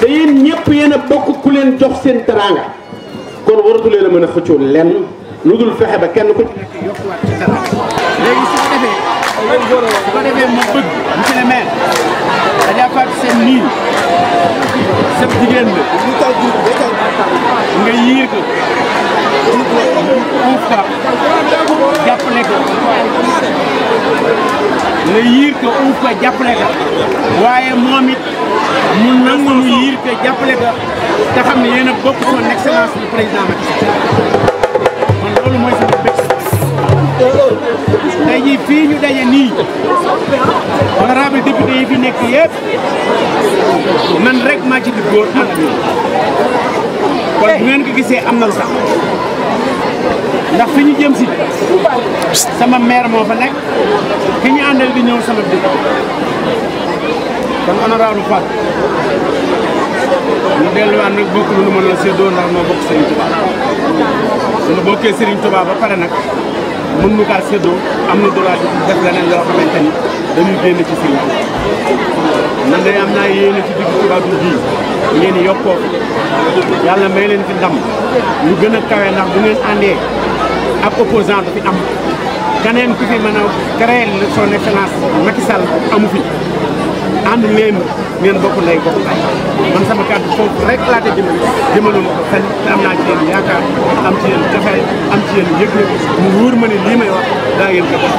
te yéen ñëpp yéen a bokk ku leen jox seen teraanga kon waratu leen a mën a xëccoo lenn lu dul fexe ba kenn ku nekk yokkuwaat ci teraanga léegi su ko defee su ko defee ma bëgg monsieur le nga yiir ko nga yiir uuf ko jàppale ka waaye moom it mu nangu mu yiir te jàppale ka te xam ne yéen a bokk son excellence du président Macky Sall kon loolu mooy sama bés tey jii fii ñu daje nii honorable député yi fi nekk yëpp man rek maa ci di góor kon bu ngeen ko gisee am na lu sax ndax fi ñu jëm si sama maire moo fa nekk ki ñu àndal di ñëw sama dëkk kon honorable Fall ñu delluwaat nag bokk lu nu mën a séddoo ndax moo bokk Serigne Touba suñu bokkee Serigne ba pare nag mën nu séddoo am na droit di def leneen loo xamante ni dañuy génn ci Serigne Touba man am naa yéene ci digg Touba du ji ngeen yokkoo yàlla may leen fi ndam ñu gën a kawe ndax bu ngeen àndee ab opposant du fi am keneen ku fi mën a créer son excellence Macky Sall amu fi ànd leen ngeen bokk ndey bokk baay man sama kàddu foofu rek laa te jëmale jëmale ko fenn te am naa ci yéen yaakaar am ci yéen jafe am ci yéen yëg mu wóor ma ne lii may wax daa ngeen ko def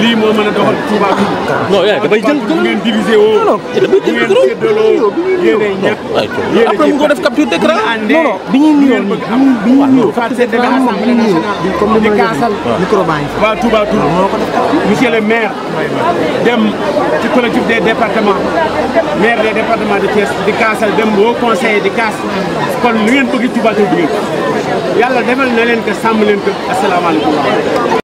lii moo mën a doxal Touba bi non yaa dafay jël bu ngeen divisé woo dafay jël micro yéen après mu ko def bi ñuy nuyoo bi ñuy nuyoo comme ni ma kaasal micro baa ngi waa dem ci collectif des départements maire des départements de Thiès di kaasal dem au conseil di kaas kon li ngeen bëgg Touba Tour bi yàlla defal na leen ko sàmm leen ko asalaamaaleykum